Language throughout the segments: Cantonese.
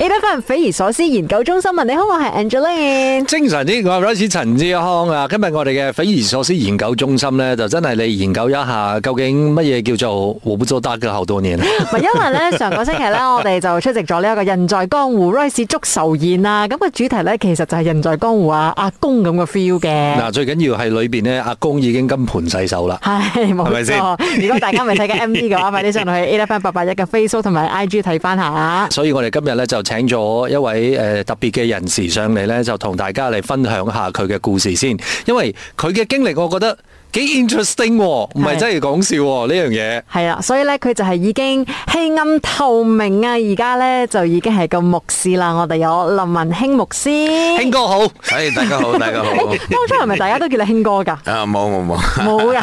A. One 分匪夷所思研究中心，你好，我係 Angeline。精神啲，我係 Rice 陳志康啊！今日我哋嘅匪夷所思研究中心咧，就真係你研究一下究竟乜嘢叫做 hold 唔住得嘅好多年。唔係因為咧，上個星期咧，我哋就出席咗呢一個《人在江湖》，Rice 祝壽宴啊！咁個主題咧，其實就係《人在江湖》啊阿公咁嘅 feel 嘅。嗱，最緊要係裏邊咧，阿公已經金盆洗手啦。係，係咪先？如果大家未睇緊 MV 嘅話，快啲上到去 A. One 分八八一嘅 Facebook 同埋 IG 睇翻下。所以我哋今日咧就。請咗一位誒、呃、特別嘅人士上嚟咧，就同大家嚟分享下佢嘅故事先，因為佢嘅經歷，我覺得。幾 interesting，唔係真係講笑呢樣嘢。係啊，所以咧佢就係已經棄暗投明啊！而家咧就已經係個牧師啦。我哋有林萬興牧師，興哥好，誒大家好，大家好。當初係咪大家都叫你興哥噶？啊，冇冇冇，冇噶，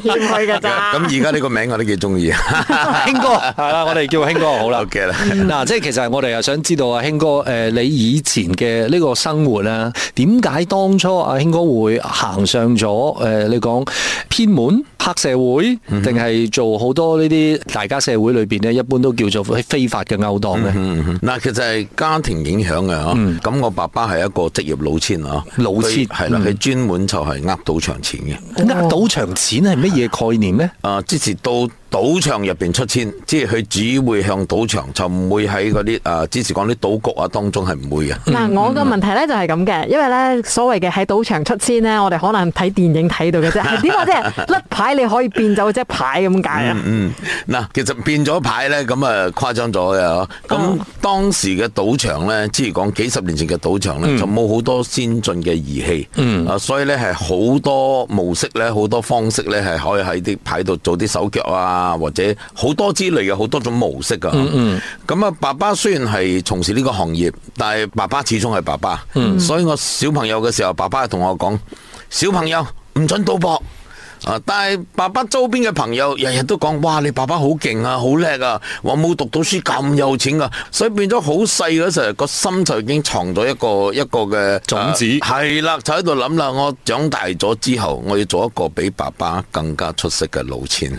謙虛噶咋。咁而家呢個名我都幾中意，興哥係啦，我哋叫興哥好啦。嗱，即係其實我哋又想知道啊，興哥誒，你以前嘅呢個生活咧，點解當初阿興哥會行上咗誒呢個？講偏門黑社會，定係做好多呢啲大家社會裏邊呢，一般都叫做喺非法嘅勾當嘅。嗱、嗯嗯嗯，其實係家庭影響嘅嗬。咁、嗯、我爸爸係一個職業老千啊，老千係啦，佢專門就係呃賭場錢嘅。呃賭、嗯、場錢係乜嘢概念呢？啊，支持到。賭場入邊出千，即係佢只會向賭場，就唔會喺嗰啲誒，之前講啲賭局啊當中係唔會嘅。嗱、嗯，我嘅問題咧就係咁嘅，因為咧所謂嘅喺賭場出千咧，我哋可能睇電影睇到嘅啫。點解即係甩牌你可以變走隻牌咁解啊？嗱、嗯嗯，其實變咗牌咧咁啊誇張咗嘅嗬。咁當時嘅賭場咧，之如講幾十年前嘅賭場咧，嗯、就冇好多先進嘅儀器，啊、嗯，嗯、所以咧係好多模式咧，好多方式咧係可以喺啲牌度做啲手腳啊。啊，或者好多之類嘅好多種模式啊。嗯、mm，咁啊，爸爸雖然係從事呢個行業，但係爸爸始終係爸爸，嗯、mm，hmm. 所以我小朋友嘅時候，爸爸同我講，小朋友唔準賭博。啊！但係爸爸周邊嘅朋友日日都講，哇！你爸爸好勁啊，好叻啊！我冇讀到書咁有錢噶，啊，所以變咗好細嗰時候，個心就已經藏咗一個一個嘅種子。係啦，啊，就喺度諗啦，我長大咗之後，我要做一個比爸爸更加出色嘅老千。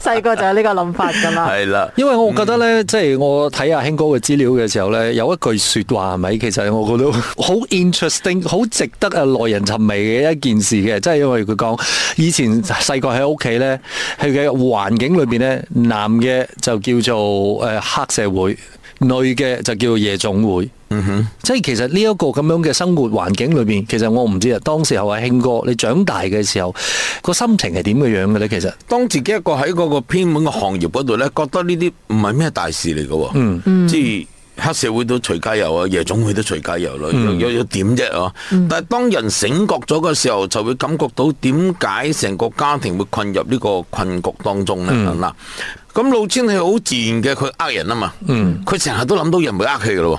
細個就係呢個諗法噶啦。係啦，因為我覺得呢，即係我睇阿興哥嘅資料嘅時候呢，有一句說話係咪？其實我覺得好 interesting，好值得啊耐人尋味嘅一件事嘅，即係因為佢講。以前細個喺屋企呢，佢嘅環境裏邊呢，男嘅就叫做誒黑社會，女嘅就叫做夜總會。嗯哼，即係其實呢一個咁樣嘅生活環境裏邊，其實我唔知啊。當時候阿興哥，你長大嘅時候個心情係點嘅樣嘅呢？其實當自己一個喺嗰個偏門嘅行業嗰度呢，覺得呢啲唔係咩大事嚟嘅。嗯嗯，即係。黑社會都隨街遊啊，夜總會都隨街遊咯，啊，又又又點啫哦，啊！但係當人醒覺咗嘅時候，就會感覺到點解成個家庭會困入呢個困局當中呢咁、嗯、老千係好自然嘅，佢呃人啊嘛，佢成日都諗到人會呃佢嘅咯。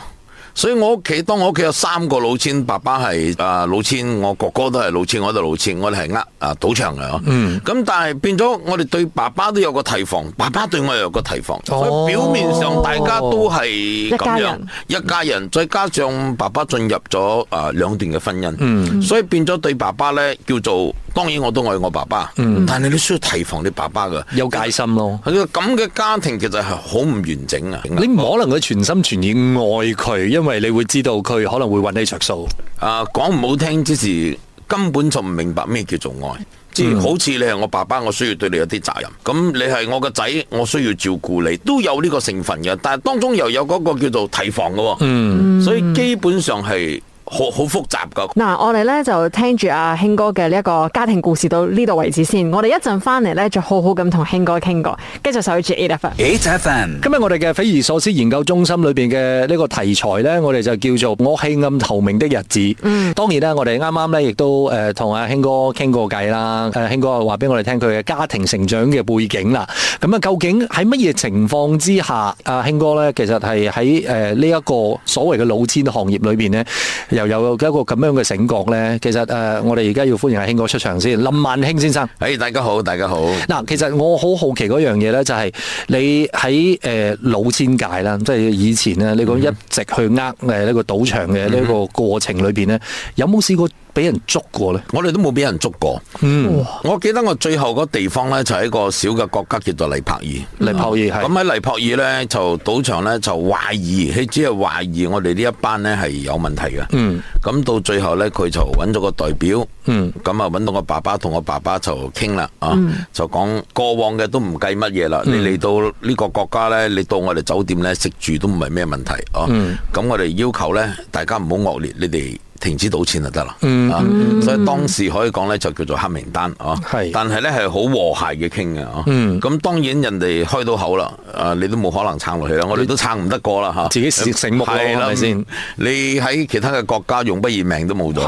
所以我屋企，當我屋企有三個老千，爸爸係啊老千，我哥哥都係老千，我度老千，我哋係呃啊賭場嘅嗬。咁、嗯、但係變咗，我哋對爸爸都有個提防，爸爸對我又有個提防。哦、所以表面上大家都係咁樣，一家人，一家人，再加上爸爸進入咗啊兩段嘅婚姻，嗯、所以變咗對爸爸呢叫做。當然我都愛我爸爸，嗯、但係你需要提防你爸爸嘅有戒心咯。咁嘅家庭其實係好唔完整啊！你唔可能佢全心全意愛佢，啊、因為你會知道佢可能會搵你著數。啊，講唔好聽之時，根本就唔明白咩叫做愛。即、嗯、好似你係我爸爸，我需要對你有啲責任。咁你係我個仔，我需要照顧你，都有呢個成分嘅。但係當中又有嗰個叫做提防嘅喎。嗯、所以基本上係。好好複雜噶。嗱，我哋咧就聽住阿、啊、興哥嘅呢一個家庭故事到呢度為止先。我哋一陣翻嚟咧，就好好咁同興哥傾過，繼續守住 8FM。今日我哋嘅匪夷所思研究中心裏邊嘅呢個題材呢，我哋就叫做我棄暗投明的日子。嗯，當然剛剛、呃啊、啦，我哋啱啱咧亦都誒同阿興哥傾過偈啦。阿興哥話俾我哋聽佢嘅家庭成長嘅背景啦。咁啊，究竟喺乜嘢情況之下，阿、啊啊、興哥咧其實係喺誒呢一個所謂嘅老千行業裏邊呢？呢又有一個咁樣嘅醒覺咧，其實誒、呃，我哋而家要歡迎阿興哥出場先，林萬興先生。誒，hey, 大家好，大家好。嗱，其實我好好奇嗰樣嘢咧，就係你喺誒老千界啦，即係以前咧，你講、嗯、一直去呃誒呢個賭場嘅呢個過程裏邊咧，嗯、有冇試過？俾人捉過咧？我哋都冇俾人捉過。 嗯，我記得我最後嗰地方呢，就係、是、一個小嘅國家叫做黎柏爾。黎柏爾係、嗯嗯。咁喺黎柏爾呢，就賭場呢，就懷疑，佢只係懷疑我哋呢一班呢係有問題嘅。嗯。咁到最後呢，佢就揾咗個代表。嗯。咁啊揾到我爸爸同我爸爸就傾啦。啊。嗯、就講過往嘅都唔計乜嘢啦。嗯、你嚟到呢個國家呢，你到我哋酒店呢，食住都唔係咩問題。啊。咁我哋要求呢，大家唔好惡劣，你哋。停止賭錢就得啦，所以當時可以講咧就叫做黑名單哦。但係咧係好和諧嘅傾嘅。咁當然人哋開到口啦，誒你都冇可能撐落去啦，我哋都撐唔得過啦嚇。自己醒目先？你喺其他嘅國家用不如命都冇咗。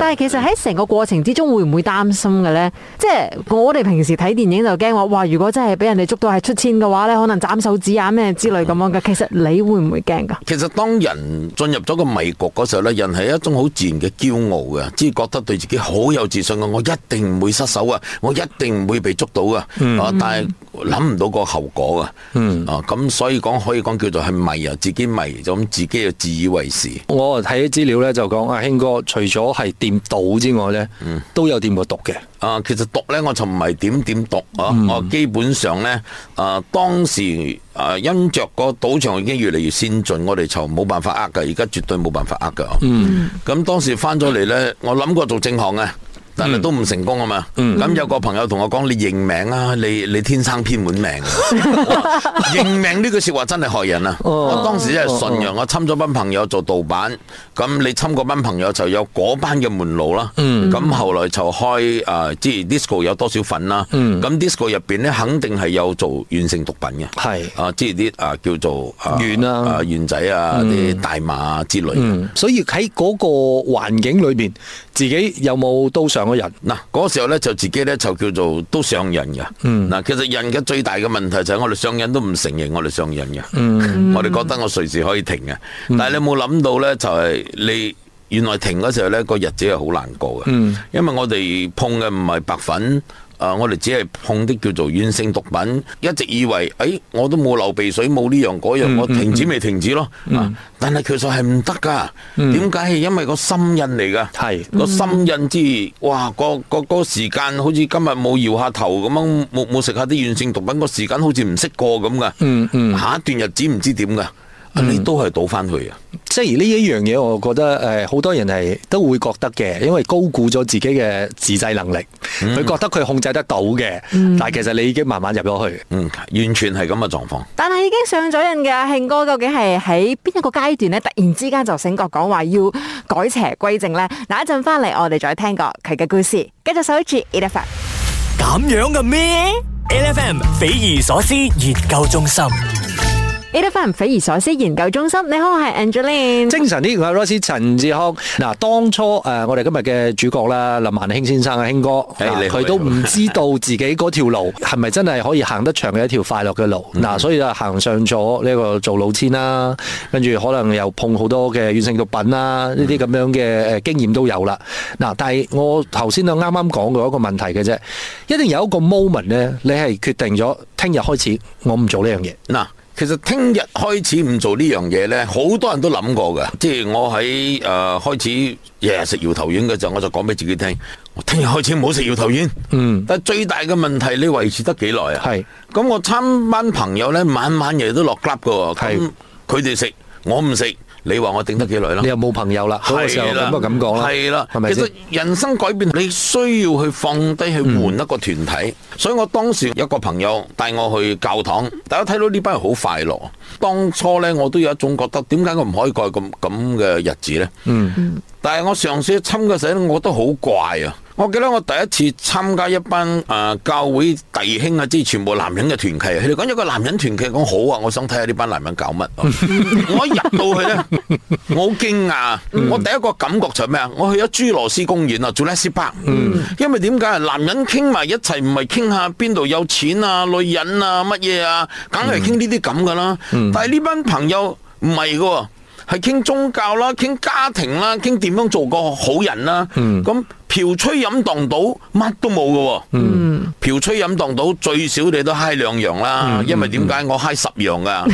但係其實喺成個過程之中，會唔會擔心嘅呢？即係我哋平時睇電影就驚話，哇！如果真係俾人哋捉到係出千嘅話咧，可能斬手指啊咩之類咁樣嘅。其實你會唔會驚㗎？其實當人進入咗個迷局嗰時候呢，人係一種。好自然嘅驕傲嘅，即係覺得對自己好有自信嘅，我一定唔會失手啊，我一定唔會被捉到啊！嗯、啊，但係諗唔到個後果、嗯、啊！啊，咁所以講可以講叫做係迷啊，自己迷就咁，自己又自以為是。我睇資料咧就講啊，興哥除咗係掂賭之外咧，都有掂過毒嘅。啊，其實讀呢，我就唔係點點讀啊，我、嗯、基本上呢，啊、呃、當時啊、呃、因着個賭場已經越嚟越先進，我哋就冇辦法呃噶，而家絕對冇辦法呃噶、啊。嗯，咁當時翻咗嚟呢，我諗過做正行嘅。但係都唔成功啊嘛！咁有個朋友同我講，你認命啊！你你天生偏門命。認命呢句說話真係害人啊！我當時真係信仰我侵咗班朋友做盜版。咁你侵班朋友就有班嘅門路啦。咁後來就開誒即 disco 有多少份啦？咁 disco 入邊咧，肯定係有做軟性毒品嘅。係啊，即係啲啊叫做啊丸啊丸仔啊啲大麻之類。所以喺個環境裏邊自己有冇到上？嗰日嗱，嗰時候咧就自己咧就叫做都上癮嘅。嗱、嗯，其實人嘅最大嘅問題就係我哋上癮都唔承認我哋上癮嘅。嗯、我哋覺得我隨時可以停嘅，但係你冇諗到咧，就係、是、你原來停嗰時候咧、那個日子係好難過嘅，因為我哋碰嘅唔係白粉。誒、呃，我哋只係碰啲叫做軟性毒品，一直以為，誒、哎，我都冇流鼻水，冇呢樣嗰樣，我停止咪停止咯。啊、但係其實係唔得噶。點解？因為個心印嚟噶，係個是心印之，哇，那個個嗰、那個時間，好似今日冇搖下頭咁樣，冇冇食下啲軟性毒品，那個時間好似唔識過咁噶。下一段日子唔知點噶。你都係倒翻去啊。嗯、即係呢一樣嘢，我覺得誒，好多人係都會覺得嘅，因為高估咗自己嘅自制能力，佢、嗯、覺得佢控制得到嘅，嗯、但係其實你已經慢慢入咗去，嗯，完全係咁嘅狀況。但係已經上咗癮嘅慶哥，究竟係喺邊一個階段咧？突然之間就醒覺，講話要改邪歸正咧。嗱，一陣翻嚟，我哋再聽個佢嘅故事。繼續守住、e、L,，L F M。咁樣嘅咩？L F M，匪夷所思研究中心。A. F. M. 匪夷所思研究中心，你好，我係 Angeline。精神啲嘅係 Rose 陳志康。嗱，當初誒、呃，我哋今日嘅主角啦，林萬興先生，興哥，佢都唔知道自己嗰條路係咪 真係可以行得長嘅一條快樂嘅路。嗱、嗯呃，所以就行上咗呢個做老千啦，跟住可能又碰好多嘅軟性毒品啦，呢啲咁樣嘅經驗都有啦。嗱、呃，但係我頭先都啱啱講過一個問題嘅啫，一定有一個 moment 呢，你係決定咗聽日開始我，我唔做呢樣嘢。嗱。其實聽日開始唔做呢樣嘢呢，好多人都諗過噶。即係我喺誒、呃、開始日日食搖頭丸嘅時候，我就講俾自己聽：我聽日開始唔好食搖頭丸。嗯，但最大嘅問題，你維持得幾耐啊？係。咁我參班朋友呢，晚晚日日都落 club 噶。係。佢哋食，我唔食。你話我頂得幾耐啦？你又冇朋友啦，嗰個時候咁樣嘅感覺啦，係啦，係咪先？其實人生改變，你需要去放低去換一個團體。嗯、所以我當時有一個朋友帶我去教堂，大家睇到呢班人好快樂。當初呢，我都有一種覺得，點解我唔可以過咁咁嘅日子呢？嗯，嗯但係我嘗試親嘅時候，我都好怪啊。我記得我第一次參加一班誒、呃、教會弟兄啊，即係全部男人嘅團契，佢哋講咗個男人團契，講好啊，我想睇下呢班男人搞乜。 我一入到去咧， 我好驚訝，嗯、我第一個感覺就係咩啊？我去咗侏羅斯公園啊，做 l e s p e r 因為點解啊？男人傾埋一齊唔係傾下邊度有錢啊、女人啊、乜嘢啊，梗係傾呢啲咁噶啦。嗯嗯、但係呢班朋友唔係噶，係傾宗教啦、啊、傾家庭啦、啊、傾點樣做個好人啦、啊。咁、嗯嗯嗯嗯嫖吹飲盪賭乜都冇嘅喎，嫖吹飲盪賭最少你都嗨兩樣啦，因為點解我嗨十樣嘅，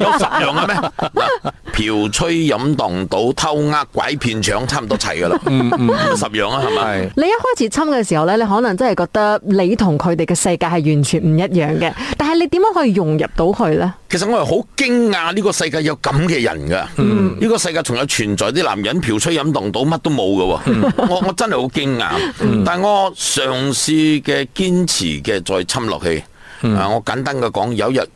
有十樣呀咩？嫖吹飲盪賭偷呃拐騙搶差唔多齊嘅啦，十樣啊，係咪？你一開始侵嘅時候咧，你可能真係覺得你同佢哋嘅世界係完全唔一樣嘅，但係你點樣可以融入到佢咧？其實我係好驚訝呢個世界有咁嘅人㗎，呢個世界仲有存在啲男人嫖吹飲盪賭乜都冇嘅喎，我我真，真係好驚訝，但我嘗試嘅堅持嘅再侵落去，嗯、啊！我簡單嘅講，有日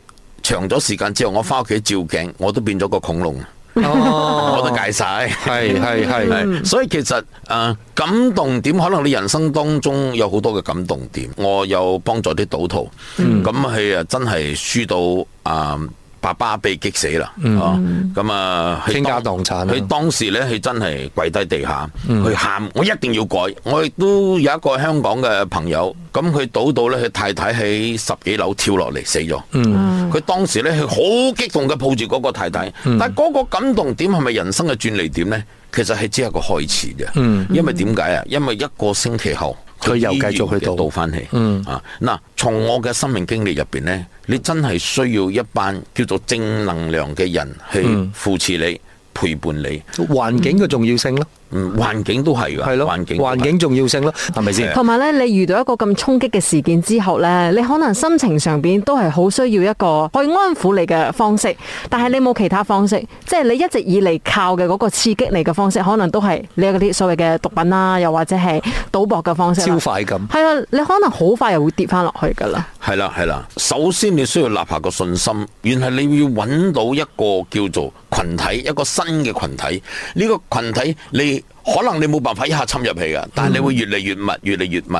長咗時間之後，我翻屋企照鏡，我都變咗個恐龍，哦，我都戒晒，係係係。所以其實誒、呃、感動點，可能你人生當中有好多嘅感動點。我有幫助啲賭徒，咁係誒真係輸到啊！呃爸爸被激死啦！咁、嗯、啊，傾家蕩產。佢當，當時呢，佢真係跪低地下，佢喊、嗯、我一定要改。我亦都有一個香港嘅朋友，咁佢賭到呢，佢太太喺十幾樓跳落嚟死咗。佢、嗯、當時呢，佢好激動嘅抱住嗰個太太，嗯、但係嗰個感動點係咪人生嘅轉捩點呢？其實係只係一個開始嘅，嗯嗯、因為點解啊？因為一個星期後。佢又繼續去倒翻起，嗯啊，嗱，從我嘅生命經歷入邊呢，你真係需要一班叫做正能量嘅人去扶持你、嗯、陪伴你，環境嘅重要性咯。嗯環境都係㗎，環境的環境重要性咯，係咪先？同埋咧，你遇到一個咁衝擊嘅事件之後咧，你可能心情上邊都係好需要一個去安撫你嘅方式，但係你冇其他方式，即係你一直以嚟靠嘅嗰個刺激你嘅方式，可能都係你嗰啲所謂嘅毒品啦，又或者係賭博嘅方式。超快噉係啊，你可能好快又會跌翻落去㗎啦。係啦，係啦，首先你需要立下個信心，然後你會要揾到一個叫做群體，一個新嘅群體，呢個群體你。可能你冇辦法一下侵入去噶，但係你會越嚟越密，越嚟越密，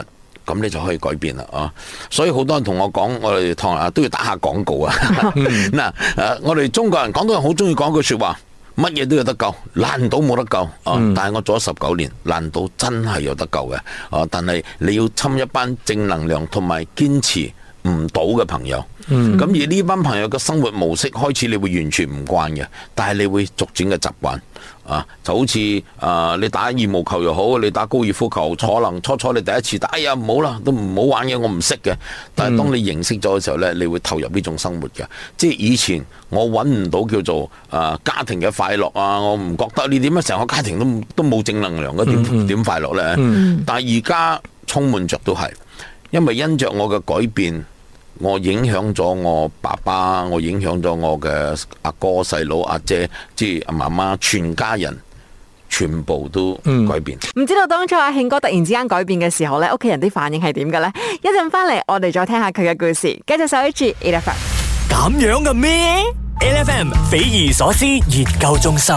咁你就可以改變啦哦、啊。所以好多人同我講，我哋都要打下廣告啊。嗱、 啊，我哋中國人、廣東人好中意講句說話，乜嘢都得、啊、有得救，難到冇得救哦。但係我做咗十九年，難到真係有得救嘅哦。但係你要侵一班正能量同埋堅持。唔到嘅朋友，咁、嗯、而呢班朋友嘅生活模式，開始你會完全唔慣嘅，但係你會逐漸嘅習慣，啊，就好似啊、呃，你打羽毛球又好，你打高爾夫球，可能初初你第一次打，哎呀唔好啦，都唔好玩嘢，我唔識嘅。但係當你認識咗嘅時候咧，嗯、你會投入呢種生活嘅。即係以前我揾唔到叫做啊、呃、家庭嘅快樂啊，我唔覺得你點乜成個家庭都都冇正能量嘅，點點快樂咧？嗯嗯、但係而家充滿着都係，因為因着我嘅改變。我影響咗我爸爸，我影響咗我嘅阿哥，哥、細佬、阿姐，姐，即係阿媽媽，全家人全部都改變。唔、嗯、知道當初阿慶哥突然之間改變嘅時候咧，屋企人啲反應係點嘅咧？一陣翻嚟，我哋再聽下佢嘅故事。繼續收住 L F M。咁樣嘅咩？L F M，匪夷所思研究中心。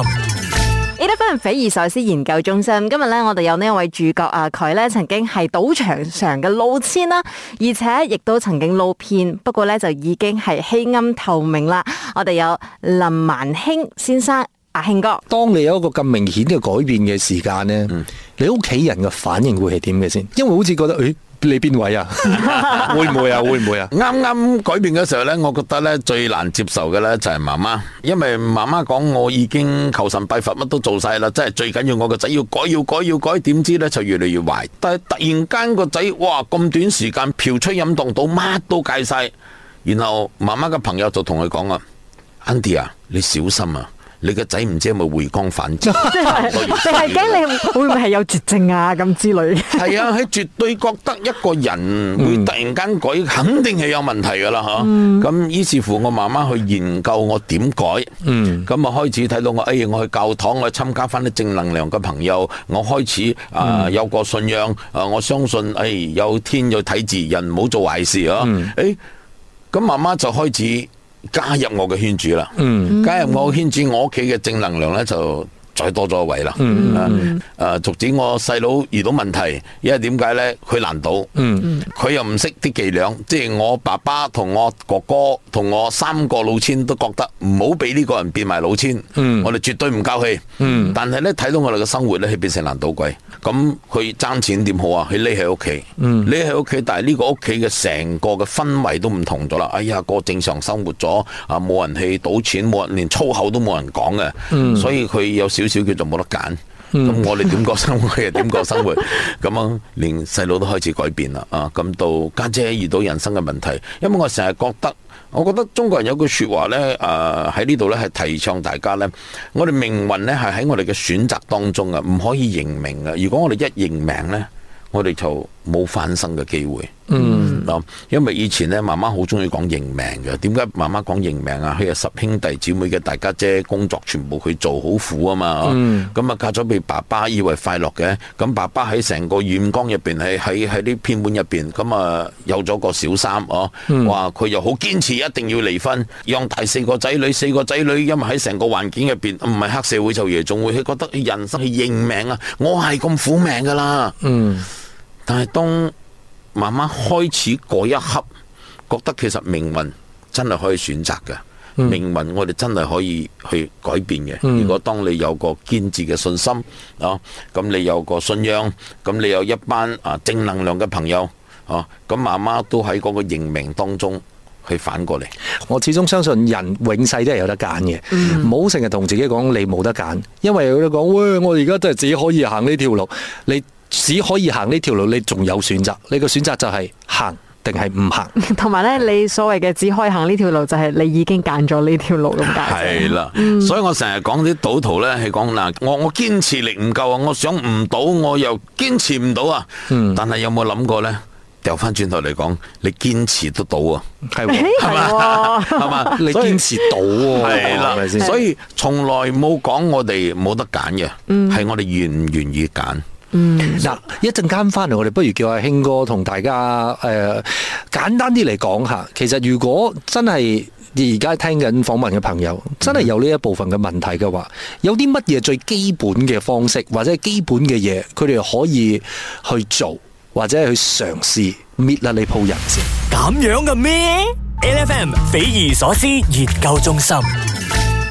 一班人匪夷所思研究中心，今日咧我哋有呢一位主角啊，佢咧曾經係賭場上嘅老千啦，而且亦都曾經露騙，不過咧就已經係棄暗投明啦。我哋有林萬興先生，阿興哥，當你有一個咁明顯嘅改變嘅時間咧，嗯、你屋企人嘅反應會係點嘅先？因為好似覺得誒。哎你邊位啊？ 會唔會啊？會唔會啊？啱啱 改變嘅時候呢，我覺得呢，最難接受嘅呢，就係媽媽，因為媽媽講我已經求神拜佛乜都做晒啦，真係最緊要我個仔要改要改要改，點知呢，就越嚟越壞。但係突然間個仔哇咁短時間嫖娼飲蕩到乜都戒晒，然後媽媽嘅朋友就同佢講啊，Andy 啊，ty，你小心啊！你個仔唔知係咪回光返照？即係驚你會唔會係有絕症啊？咁之類。係啊，係絕對覺得一個人會突然間改，肯定係有問題噶啦，吓、嗯。咁於是乎，我慢慢去研究我點改。嗯。咁啊，開始睇到我，哎我去教堂，我去參加翻啲正能量嘅朋友，我開始啊、呃嗯、有個信仰啊、呃，我相信，哎，有天有睇字，人唔好做壞事啊。嗯。咁慢慢就開始。加入我嘅圈子啦，嗯、加入我嘅圈子，我屋企嘅正能量咧就。再多咗一位啦。誒、嗯，逐、嗯、漸、啊、我細佬遇到問題，因為點解咧？佢爛賭，佢、嗯嗯、又唔識啲伎倆，即、就、係、是、我爸爸同我哥哥同我三個老千都覺得唔好俾呢個人變埋老千。嗯、我哋絕對唔教佢。嗯嗯、但係咧，睇到我哋嘅生活咧，係變成爛賭鬼。咁佢掙錢點好啊？佢匿喺屋企，匿喺屋企，但係呢個屋企嘅成個嘅氛圍都唔同咗啦。哎呀，過正常生活咗，啊冇人去賭錢冇人連粗口都冇人講嘅。所以佢有少。啊少叫做冇得揀，咁我哋點過生活又點過生活，咁樣連細佬都開始改變啦啊！咁到家姐遇到人生嘅問題，因為我成日覺得，我覺得中國人有句說話咧，誒、呃、喺呢度咧係提倡大家咧，我哋命運咧係喺我哋嘅選擇當中啊，唔可以認命啊！如果我哋一認命咧，我哋就冇翻身嘅機會。嗯，嗱、mm，hmm. 因為以前咧，媽媽好中意講認命嘅，點解媽媽講認命啊？佢有十兄弟姊妹嘅，大家姐工作全部佢做好苦啊嘛，咁啊、mm hmm. 嗯、嫁咗俾爸爸，以為快樂嘅，咁爸爸喺成個遠光入邊，喺喺喺啲偏門入邊，咁啊、嗯、有咗個小三哦，話、嗯、佢、嗯、又好堅持一定要離婚，讓大四個仔女，四個仔女因為喺成個環境入邊唔係黑社會做嘢，仲會佢覺得人生係認命啊，我係咁苦命噶啦，嗯、mm，hmm. 但係當。慢慢開始嗰一刻，覺得其實命運真係可以選擇嘅，嗯、命運我哋真係可以去改變嘅。如果當你有個堅持嘅信心、嗯、啊，咁你有個信仰，咁你有一班啊正能量嘅朋友啊，咁慢慢都喺嗰個認命當中去反過嚟。我始終相信人永世都係有得揀嘅，唔好成日同自己講你冇得揀，因為有啲講，喂，我而家真係自己可以行呢條路，你。只可以行呢條路，你仲有選擇？你個選擇就係行定係唔行。同埋咧，你所謂嘅只可以行呢條路，就係、是、你已經揀咗呢條路咁解。係啦， 所以我成日講啲賭徒咧，係講嗱，我我堅持力唔夠啊，我，我，我想唔賭，我又堅持唔到、嗯、啊。但係有冇諗過咧？掉翻轉頭嚟講，你堅持得到啊？係嘛？係嘛？你堅持賭喎？係咪先？所以從來冇講我哋冇得揀嘅，係我哋願唔願意揀。嗯，嗱，一陣間翻嚟，我哋不如叫阿興哥同大家誒、呃、簡單啲嚟講下。其實如果真係而家聽緊訪問嘅朋友，真係有呢一部分嘅問題嘅話，嗯、有啲乜嘢最基本嘅方式或者係基本嘅嘢，佢哋可以去做或者係去嘗試搣甩你鋪人先。咁樣嘅咩？NFM 匪夷所思研究中心。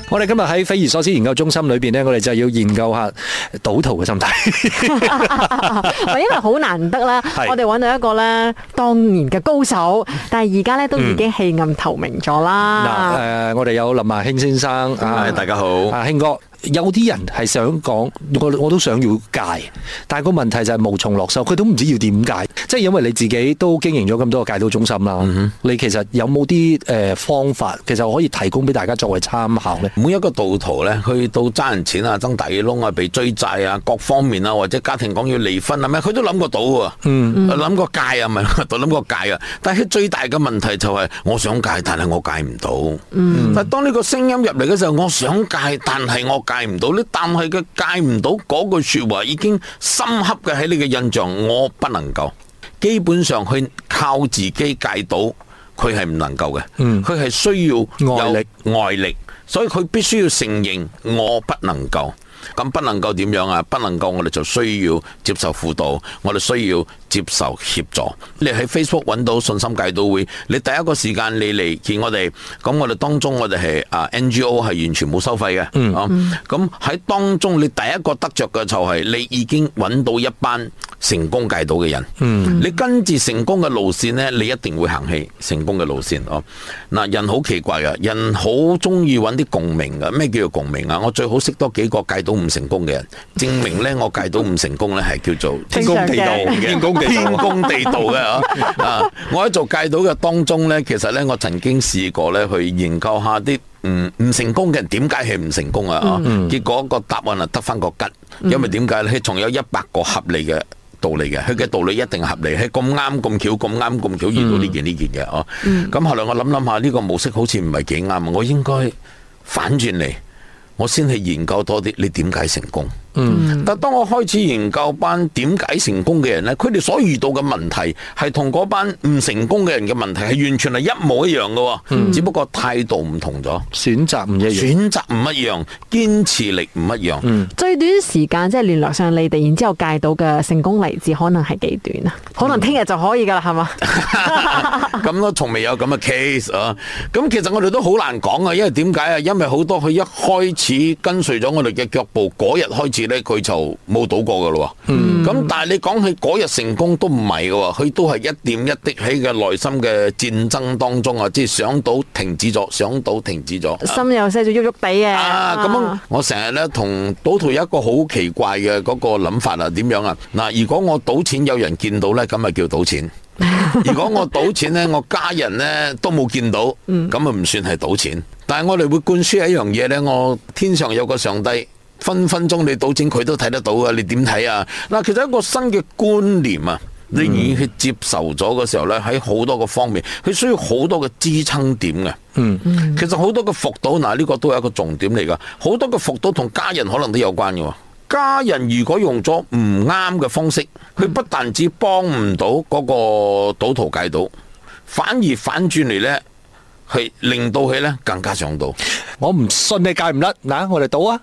我哋今日喺匪夷所思研究中心裏邊咧，我哋就要研究下賭徒嘅心態。啊，因為好難得啦，我哋揾到一個咧，當年嘅高手，但係而家咧，都已經棄暗投明咗啦。嗱，誒，我哋有林萬興先生，啊，大家好，興哥。有啲人係想講，我我都想要戒，但係個問題就係無從落手，佢都唔知要點戒，即係因為你自己都經營咗咁多個戒賭中心啦，嗯、哼你其實有冇啲誒方法，其實我可以提供俾大家作為參考咧？每一個賭徒咧，去到爭人錢啊、爭底窿啊、被追債啊、各方面啊，或者家庭講要離婚啊係咪？佢都諗過到喎、啊，諗、嗯嗯呃、過戒啊，咪諗過戒啊，但係最大嘅問題就係、是、我想戒，但係我戒唔到。嗯、但係當呢個聲音入嚟嘅時候，我想戒，但係我戒唔到咧，但係佢戒唔到嗰句說話已經深刻嘅喺你嘅印象。我不能夠，基本上去靠自己戒到，佢係唔能夠嘅。嗯，佢係需要有外力，外力，所以佢必須要承認我不能夠。咁不能夠點樣啊？不能夠，我哋就需要接受輔導，我哋需要接受協助。你喺 Facebook 揾到信心戒賭會，你第一個時間你嚟見我哋，咁我哋當中我哋係啊 NGO 係完全冇收費嘅，嗯嗯啊，咁喺當中你第一個得着嘅就係你已經揾到一班。成功戒到嘅人，嗯，你跟住成功嘅路線咧，你一定會行起成功嘅路線哦。嗱，人好奇怪噶，人好中意揾啲共鳴噶。咩叫做共鳴啊？我最好識多幾個戒到唔成功嘅人，證明咧我戒到唔成功咧係叫做天公地道嘅，天公地道嘅啊！我喺做戒到嘅當中咧，其實咧我曾經試過咧去研究下啲唔唔成功嘅人點解係唔成功啊？哦，結果個答案啊得翻個吉，因為點解咧？佢仲有一百個合理嘅。道理嘅，佢嘅道理一定合理，係咁啱咁巧，咁啱咁巧遇到呢件呢件嘢哦。咁、嗯、後來我諗諗下，呢、這個模式好似唔係幾啱，我應該反轉嚟，我先去研究多啲，你點解成功？嗯，但係當我開始研究班點解成功嘅人呢，佢哋所遇到嘅問題係同嗰班唔成功嘅人嘅問題係完全係一模一樣嘅、啊，嗯、只不過態度唔同咗，選擇唔一樣，選擇唔一樣，堅持力唔一樣。嗯、最短時間即係聯絡上你哋，然之後戒到嘅成功例子可能係幾短啊？嗯、可能聽日就可以噶啦，係嘛？咁都從未有咁嘅 case 啊！咁、啊、其實我哋都好難講啊，因為點解啊？因為好多佢一開始跟隨咗我哋嘅腳步嗰日開始。咧佢就冇賭過噶咯，咁、嗯、但係你講起嗰日成功都唔係噶，佢都係一點一滴，喺嘅內心嘅戰爭當中啊，即係想賭停止咗，想賭停止咗，心有少少喐喐哋嘅。啊，咁、啊啊、我成日咧同賭徒有一個好奇怪嘅嗰個諗法啊，點樣啊？嗱，如果我賭錢有人見到呢，咁咪叫賭錢； 如果我賭錢呢，我家人呢都冇見到，咁咪唔算係賭錢。但係我哋會灌輸一樣嘢呢，我天上有個上帝。分分鐘你賭錢佢都睇得到嘅，你點睇啊？嗱，其實一個新嘅觀念啊，你已經去接受咗嘅時候呢，嗯，喺好多個方面，佢需要好多嘅支撐點嘅。嗯，其實好多嘅覆賭，嗱呢個都係一個重點嚟㗎。好多嘅覆賭同家人可能都有關嘅。家人如果用咗唔啱嘅方式，佢不但止幫唔到嗰個賭徒戒賭，反而反轉嚟呢。係令到佢咧更加上到，啊，我唔信你戒唔得嗱，我哋賭啊，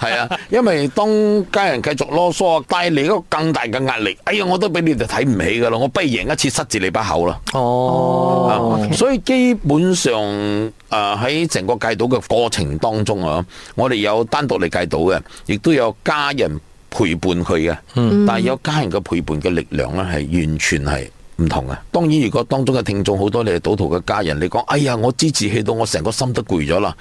係啊，因為當家人繼續囉嗦，帶嚟一個更大嘅壓力。哎呀，我都俾你哋睇唔起噶咯，我不如贏一次塞住你把口咯。哦，oh, okay. 啊，所以基本上誒喺成個戒賭嘅過程當中啊，我哋有單獨嚟戒賭嘅，亦都有家人陪伴佢嘅。Mm. 但係有家人嘅陪伴嘅力量咧，係完全係。唔同啊！當然，如果當中嘅聽眾好多你係賭徒嘅家人，你講哎呀，我支持去到我成個心都攰咗啦！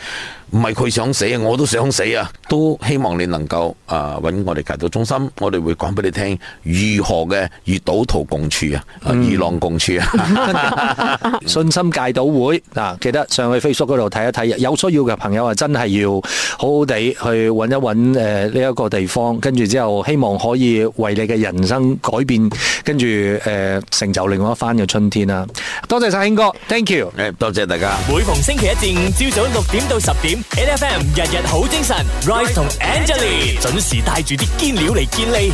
唔係佢想死，啊，我都想死啊！都希望你能夠啊揾我哋戒賭中心，我哋會講俾你聽如何嘅與賭徒共處啊，與、嗯、浪共處啊！信心戒賭會嗱、啊，記得上去 Facebook 度睇一睇，有需要嘅朋友啊，真係要好好地去揾一揾誒呢一個地方，跟住之後希望可以為你嘅人生改變跟住誒、呃、成就，呃成就另外一番嘅春天啦，多謝晒興哥，Thank you，誒，多謝大家。每逢星期一至五，朝早六點到十點，NFM 日日好精神，Rice 同 Angelie 準時帶住啲堅料嚟健力。